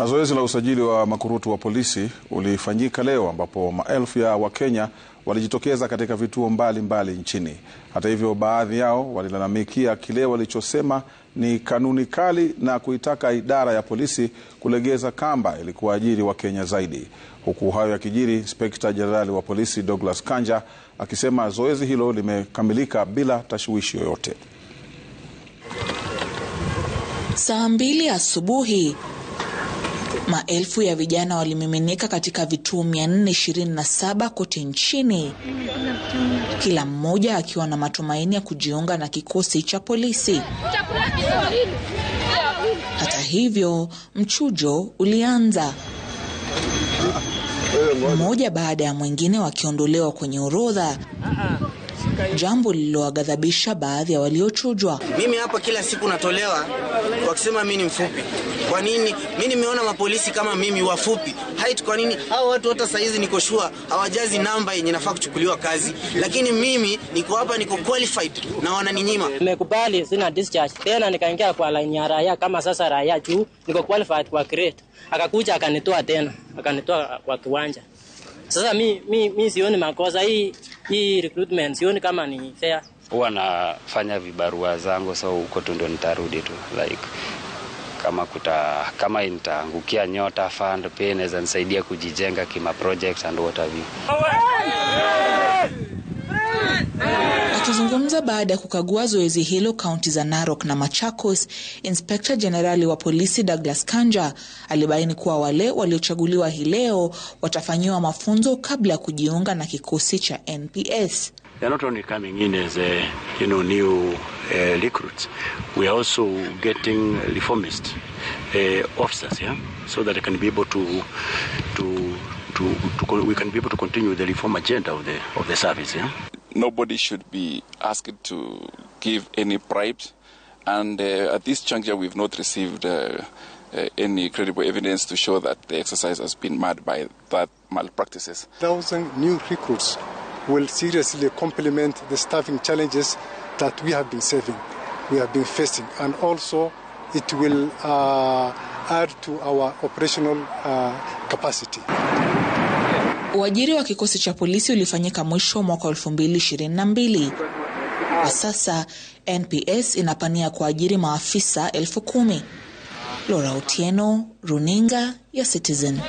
Na zoezi la usajili wa makurutu wa polisi ulifanyika leo ambapo maelfu ya Wakenya walijitokeza katika vituo mbalimbali mbali nchini. Hata hivyo, baadhi yao walilalamikia kile walichosema ni kanuni kali na kuitaka idara ya polisi kulegeza kamba ili kuwaajiri Wakenya zaidi. Huku hayo yakijiri, Spekta Jenerali wa polisi Douglas Kanja akisema zoezi hilo limekamilika bila tashwishi yoyote. Saa mbili asubuhi Maelfu ya vijana walimiminika katika vituo 427 kote nchini, kila mmoja akiwa na matumaini ya kujiunga na kikosi cha polisi. Hata hivyo, mchujo ulianza, mmoja baada ya mwingine wakiondolewa kwenye orodha jambo lililowagadhabisha baadhi ya waliochujwa. Mimi hapa kila siku natolewa wakisema mimi ni mfupi. Kwa nini mimi nimeona mapolisi kama mimi wafupi hait? Kwa nini hao watu hata saizi niko shua hawajazi namba yenye nafaa kuchukuliwa kazi, lakini mimi niko hapa, niko qualified na wananinyima. Nimekubali, sina discharge tena, nikaingia kwa line ya raia kama sasa raia juu niko qualified kwa grade. Akakuja akanitoa tena, akanitoa kwa kiwanja. Sasa mi, mi, mi sioni makosa hii hii recruitment sioni kama ni fair. Huwa nafanya vibarua zangu, so huko tu ndio nitarudi tu like kama kuta kama nitaangukia Nyota Fund pia inaweza nisaidia kujijenga kima project and what Akizungumza baada ya kukagua zoezi hilo kaunti za Narok na Machakos, inspekta jenerali wa polisi Douglas Kanja alibaini kuwa wale waliochaguliwa hii leo watafanyiwa mafunzo kabla ya kujiunga na kikosi cha NPS. Eh, eh, to, to, we can be able to continue the reform agenda of the, of the service, yeah? nobody should be asked to give any bribes. And uh, at this juncture, we've not received uh, uh, any credible evidence to show that the exercise has been marred by that malpractices. Thousand new recruits will seriously complement the staffing challenges that we have been saving, we have been facing, and also it will uh, add to our operational uh, capacity. Uajiri wa kikosi cha polisi ulifanyika mwisho wa mwaka 2022. Kwa sasa NPS inapania kuajiri maafisa elfu kumi. Laura Otieno, Runinga ya Citizen.